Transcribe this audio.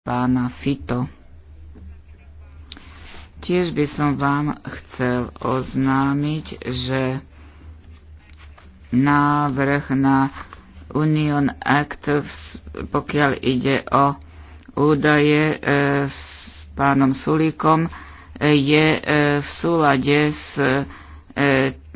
pána Fito. Tiež by som vám chcel oznámiť, že návrh na Union Act, pokiaľ ide o údaje e, s pánom Sulíkom, e, je e, v súlade s e,